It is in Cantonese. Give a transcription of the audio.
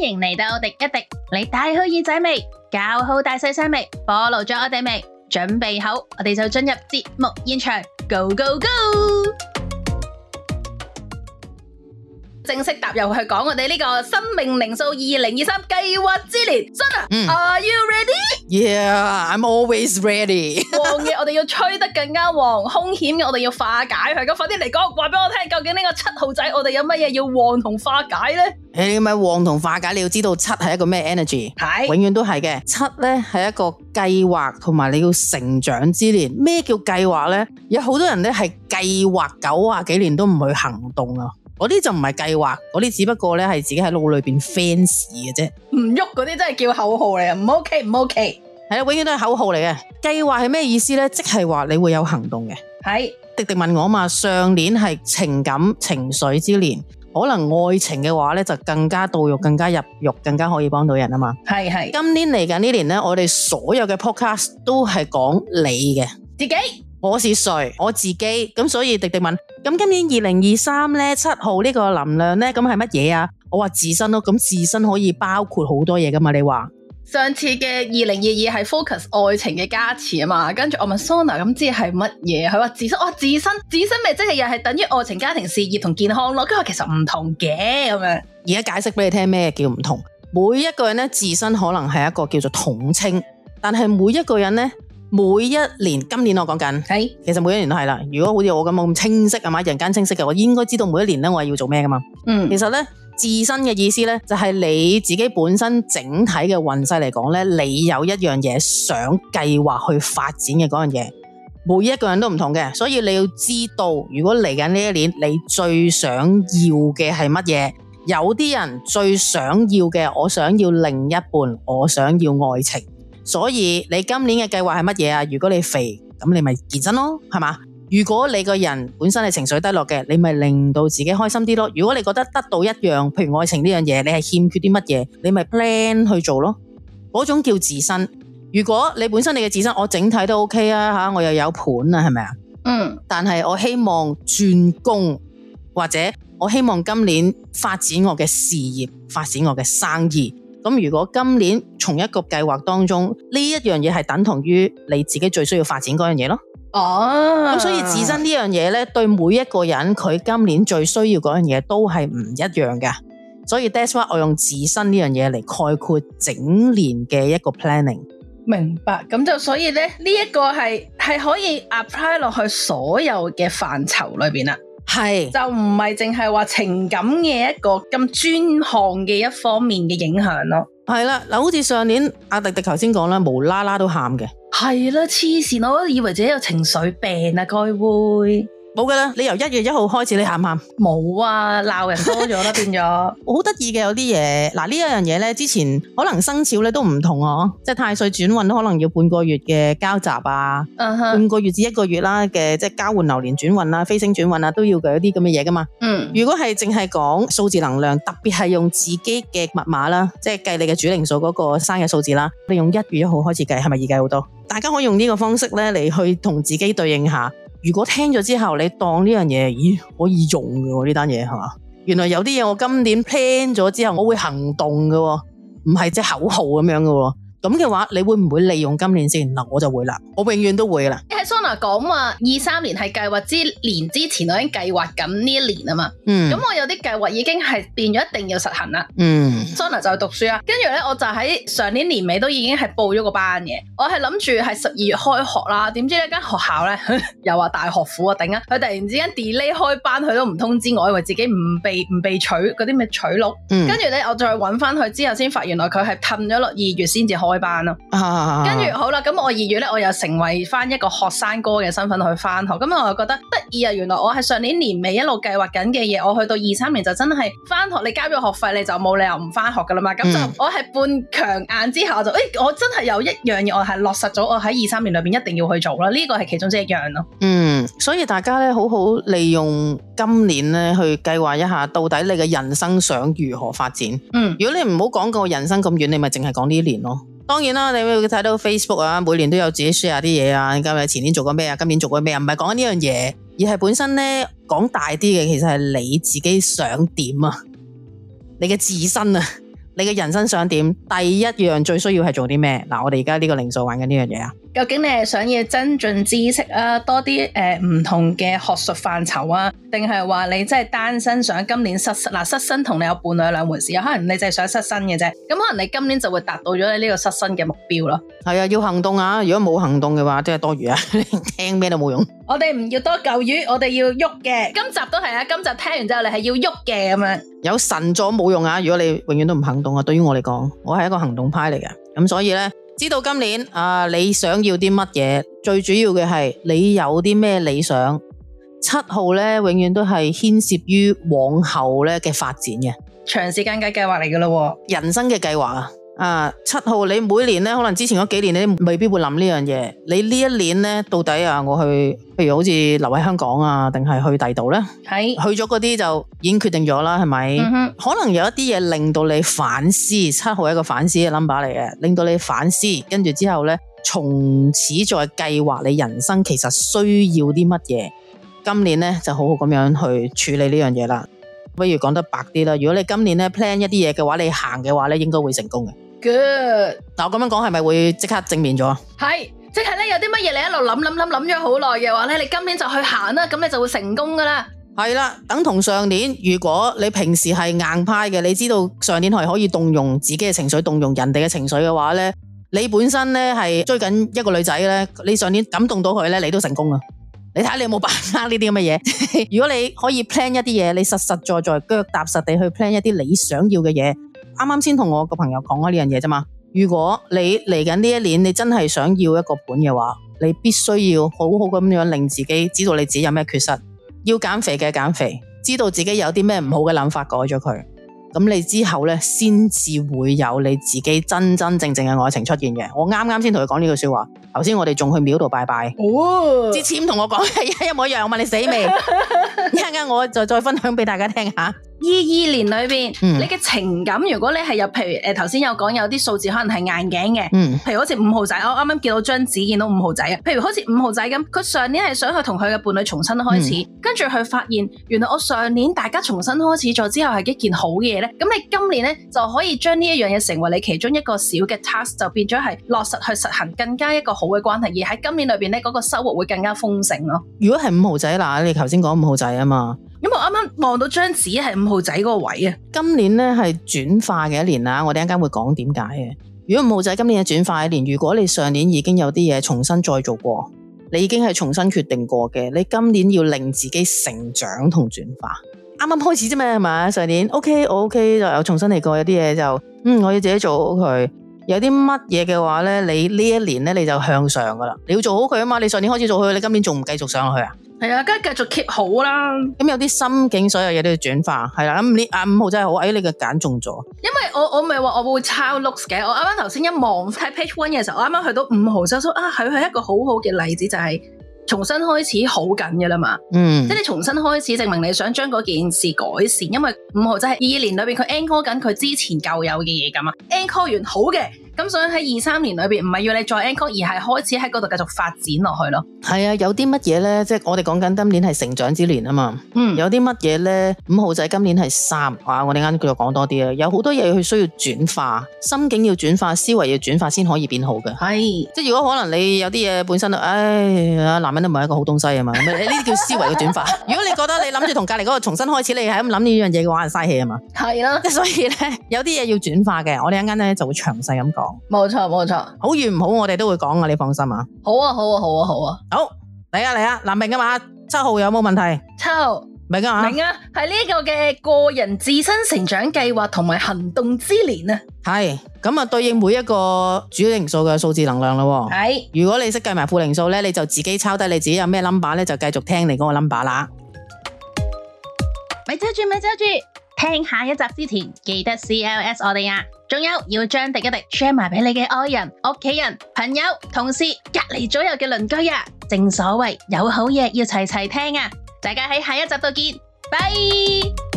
歡迎嚟到廸一廸，你帶好耳仔未？搞好大細聲未？follow 咗我哋未？準備好，我哋就進入節目現場，Go Go Go！正式踏入去講我哋呢個生命靈數二零二三計劃之年 Sona,、嗯、，真，Are you ready? Yeah, I'm always ready。 旺嘅我哋要催得更加旺，凶險嘅我哋要化解佢。咁快啲嚟講，話俾我聽，究竟呢個七號仔我哋有乜嘢要旺同化解咧？誒，咪旺同化解，你要知道七係一個咩 energy？係是，永遠都係嘅。七咧係一個計劃同埋你要成長之年。咩叫計劃咧？有好多人咧係計劃九啊幾年都唔去行動啊。嗰啲就唔係計劃，嗰啲只不過咧係自己喺腦裏邊 fans 嘅啫。唔喐嗰啲真係叫口號嚟啊！唔 OK 唔 OK，係啊，永遠都係口號嚟嘅。計劃係咩意思咧？即係話你會有行動嘅。係是。廸廸問我啊嘛，上年係情感情緒之年，可能愛情嘅話咧就更加到肉、更加入肉、更加可以幫到人啊嘛。係係是。今年嚟緊呢年咧，我哋所有嘅 podcast 都係講你嘅自己。我是誰，我自己咁，所以廸廸問，咁今年二零二三咧七號呢個能量咧咁係乜嘢啊？我話自身咯，咁自身可以包括好多嘢㗎嘛？你話上次嘅二零二二係 focus 愛情嘅加持啊嘛？跟住我問 Sona 咁，知係乜嘢？佢話自身，我、哦、自身，自身咪即係又係等於愛情、家庭、事業同健康咯。跟住我話其實唔同嘅咁樣，而家解釋俾你聽咩叫唔同？每一個人咧自身可能係一個叫做統稱，但係每一個人咧。每一年，今年我講緊，係其實每一年都係啦。如果好似我咁冇咁清晰啊嘛，人間清晰嘅，我應該知道每一年咧，我係要做咩噶嘛。嗯，其實咧，自身嘅意思咧，就係你自己本身整體嘅運勢嚟講咧，你有一樣嘢想計劃去發展嘅嗰樣嘢。每一個人都唔同嘅，所以你要知道，如果嚟緊呢一年，你最想要嘅係乜嘢？有啲人最想要嘅，我想要另一半，我想要愛情。所以你今年嘅計劃係乜嘢啊？如果你肥，咁你咪健身咯，係嘛？如果你個人本身係情緒低落嘅，你咪令到自己開心啲咯。如果你覺得得到一樣，譬如愛情呢樣嘢，你係欠缺啲乜嘢，你咪 plan 去做咯。嗰種叫自身。如果你本身你嘅自身，我整體都 OK 啊，吓我又有盤啊，係咪啊？嗯。但係我希望轉工，或者我希望今年發展我嘅事業，發展我嘅生意。咁如果今年從一個計劃當中呢一樣嘢係等同於你自己最需要發展嗰樣嘢咯，哦，咁所以自身呢樣嘢咧，對每一個人佢今年最需要嗰樣嘢都係唔一樣嘅，所以 that's why 我用自身呢樣嘢嚟概括整年嘅一個 planning。明白，咁就所以咧，呢一個係係可以 apply 落去所有嘅範疇裏邊啦。係，是就唔係淨係話情感嘅一個咁專項嘅一方面嘅影響咯。係啦，嗱，好似上年阿迪迪頭先講啦，無啦啦都喊嘅。係啦，黐線，我都以為自己有情緒病啊，佢會。冇噶啦，你由一月一號開始，你喊喊？冇啊，鬧人多咗啦，變咗。好得意嘅有啲嘢，嗱呢一樣嘢咧，之前可能生肖咧都唔同哦、啊，即係太歲轉運都可能要半個月嘅交集啊，uh huh. 半個月至一個月啦嘅，即係交換流年轉運啊、飛星轉運啊，都要嘅有啲咁嘅嘢噶嘛。嗯，如果係淨係講數字能量，特別係用自己嘅密碼啦，即係計你嘅主靈數嗰個生日數字啦，你用一月一號開始計，係咪易計好多？大家可以用呢個方式咧嚟去同自己對應下。如果聽咗之後，你當呢樣嘢，咦可以用嘅喎、哦？呢單嘢係嘛？原來有啲嘢我今年 plan 咗之後，我會行動嘅喎、哦，唔係即係口號咁樣嘅喎、哦。咁嘅話你會唔會利用今年先？嗱，我就會啦，我永遠都會噶啦。喺 Sona 講話，二三年係計劃之年之前，我已經計劃緊呢一年啊嘛。嗯，咁我有啲計劃已經係變咗一定要實行啦。嗯，Sona 就讀書啊，跟住咧我就喺上年年尾都已經係報咗個班嘅。我係諗住係十二月開學啦，點知咧間學校咧 又話大學府啊頂啊，佢突然之間 delay 開班，佢都唔通知我，以為自己唔被唔被取嗰啲咩取錄。跟住咧我再搵翻佢之後，先發現原來佢係褪咗落二月先至好。開班咯，跟住、啊、好啦，咁我二月咧，我又成為翻一個學生哥嘅身份去翻學，咁我又覺得得意啊！原來我係上年年尾一路計劃緊嘅嘢，我去到二三年就真係翻學，你交咗學費你就冇理由唔翻學噶啦嘛，咁就我係半強硬之下，嗯、我就誒，我真係有一樣嘢，我係落實咗，我喺二三年裏邊一定要去做啦，呢、這個係其中之一樣咯。嗯，所以大家咧好好利用今年咧去計劃一下，到底你嘅人生想如何發展？嗯，如果你唔好講過人生咁遠，你咪淨係講呢一年咯。當然啦，你會睇到 Facebook 啊，每年都有自己 share 啲嘢啊。你今日前年做過咩啊？今年做過咩？唔係講緊呢樣嘢，而係本身咧講大啲嘅，其實係你自己想點啊？你嘅自身啊，你嘅人生想點？第一樣最需要係做啲咩？嗱，我哋而家呢個靈數玩緊呢樣嘢啊。究竟你係想要增進知識啊，多啲誒唔同嘅學術範疇啊，定係話你真係單身想今年失身、呃？失身同你有伴侶兩回事，可能你就係想失身嘅啫。咁可能你今年就會達到咗你呢個失身嘅目標咯。係啊，要行動啊！如果冇行動嘅話，真係多餘啊， 聽咩都冇用。我哋唔要多舊魚，我哋要喐嘅。今集都係啊，今集聽完之後你係要喐嘅咁樣。有神助冇用啊！如果你永遠都唔行動啊，對於我嚟講，我係一個行動派嚟嘅，咁所以呢。知道今年啊，你想要啲乜嘢？最主要嘅係你有啲咩理想？七號呢，永遠都係牽涉於往後咧嘅發展嘅，長時間嘅計劃嚟噶啦，人生嘅計劃啊。啊，七號你每年咧，可能之前嗰幾年你未必會諗呢樣嘢。你呢一年咧，到底啊，我去，譬如好似留喺香港啊，定係去第度咧？係是去咗嗰啲就已經決定咗啦，係咪？嗯、哼可能有一啲嘢令到你反思，七號係一個反思嘅 number 嚟嘅，令到你反思，跟住之後咧，從此再計劃你人生其實需要啲乜嘢。今年咧就好好咁樣去處理呢樣嘢啦。不如講得白啲啦，如果你今年咧 plan 一啲嘢嘅話，你行嘅話咧，應該會成功嘅。嗱，Good. 我咁樣講係咪會即刻正面咗啊？係，即係咧有啲乜嘢你一路諗諗諗諗咗好耐嘅話咧，你今年就去行啦，咁你就會成功噶啦。係啦，等同上年，如果你平時係硬派嘅，你知道上年係可以動用自己嘅情緒，動用人哋嘅情緒嘅話咧，你本身咧係追緊一個女仔咧，你上年感動到佢咧，你都成功啦。你睇下你有冇辦法呢啲咁嘅嘢？ 如果你可以 plan 一啲嘢，你實實在在腳踏實地去 plan 一啲你想要嘅嘢。啱啱先同我個朋友講開呢樣嘢啫嘛，如果你嚟緊呢一年，你真係想要一個伴嘅話，你必須要好好咁樣令自己知道你自己有咩缺失，要減肥嘅減肥，知道自己有啲咩唔好嘅諗法改咗佢，咁你之後呢，先至會有你自己真真正正嘅愛情出現嘅。我啱啱先同佢講呢句說話，頭先我哋仲去廟度拜拜，哦，之前同我講嘅一模一樣啊嘛，我問你死未？一陣間我就再分享俾大家聽下。二二年裏邊，嗯、你嘅情感，如果你係有譬如誒，頭先有講，有啲數字可能係硬頸嘅，嗯、譬如好似五號仔，我啱啱見到張紙，見到五號仔啊，譬如好似五號仔咁，佢上年係想去同佢嘅伴侶重新開始，跟住佢發現，原來我上年大家重新開始咗之後係一件好嘢咧，咁你今年咧就可以將呢一樣嘢成為你其中一個小嘅 task，就變咗係落實去實行更加一個好嘅關係，而喺今年裏邊咧嗰個收穫會更加豐盛咯。如果係五號仔嗱，你頭先講五號仔啊嘛。因為我啱啱望到張紙係五號仔嗰個位啊！今年咧係轉化嘅一年啦，我哋一陣間會講點解嘅。如果五號仔今年係轉化一年，如果你上年已經有啲嘢重新再做過，你已經係重新決定過嘅，你今年要令自己成長同轉化。啱啱開始啫嘛，係嘛？上年 OK，我 OK，就又重新嚟過，有啲嘢就嗯，我要自己做好佢，OK。有啲乜嘢嘅話咧，你呢一年咧你就向上噶啦，你要做好佢啊嘛。你上年開始做佢，你今年仲唔繼續上去啊？係啊，梗係繼續 keep 好啦。咁有啲心境，所有嘢都要轉化，係啦。咁呢啊五號真係好，哎你個揀中咗。因為我我咪話我會抄 looks 嘅，我啱啱頭先一望睇 page one 嘅時候，我啱啱去到五號，就數啊係係一個好好嘅例子，就係、是、重新開始好緊嘅啦嘛。嗯，即係你重新開始，證明你想將嗰件事改善。因為五號真係二年裏邊佢 anchor 緊佢之前舊有嘅嘢咁啊，anchor 完好嘅。咁所以喺二三年裏面，唔係要你再 anchor，而係開始喺嗰度繼續發展落去咯。係啊，有啲乜嘢呢？即係我哋講緊今年係成長之年啊嘛。嗯、有啲乜嘢呢？五號仔今年係三、啊，我哋啱啱繼續講多啲啦。有好多嘢要需要轉化，心境要轉化，思維要轉化先可以變好嘅。係是。即如果可能你有啲嘢本身都，唉，男人都唔係一個好東西啊嘛。呢啲叫思維嘅轉化。 如果你覺得你諗住同隔籬嗰個重新開始，你係咁諗呢樣嘢嘅話，就嘥氣啊嘛。係啦、啊。所以呢，有啲嘢要轉化嘅，我哋一陣咧就會詳細咁講。冇錯冇錯，錯錯好與唔好我哋都會講啊！你放心啊！好啊好啊好啊好啊！好嚟啊嚟啊，難、啊啊、明噶嘛？七號有冇問題？七號 7 日 明啊明啊，係呢、啊、個嘅個人自身成長計劃同埋行動之年啊！係咁啊，就對應每一個主要靈數嘅數字能量啦、啊。係是，如果你識計埋負靈數咧，你就自己抄低你自己有咩 number 咧，就繼續聽你嗰個 number 啦。咪遮住咪遮住，聽下一集之前記得 CLS 我哋啊！仲有要將廸一廸 share 埋俾你嘅愛人、屋企人、朋友、同事、隔籬左右嘅鄰居啊！正所謂有好嘢，要齊齊聽啊！大家喺下一集度見，拜。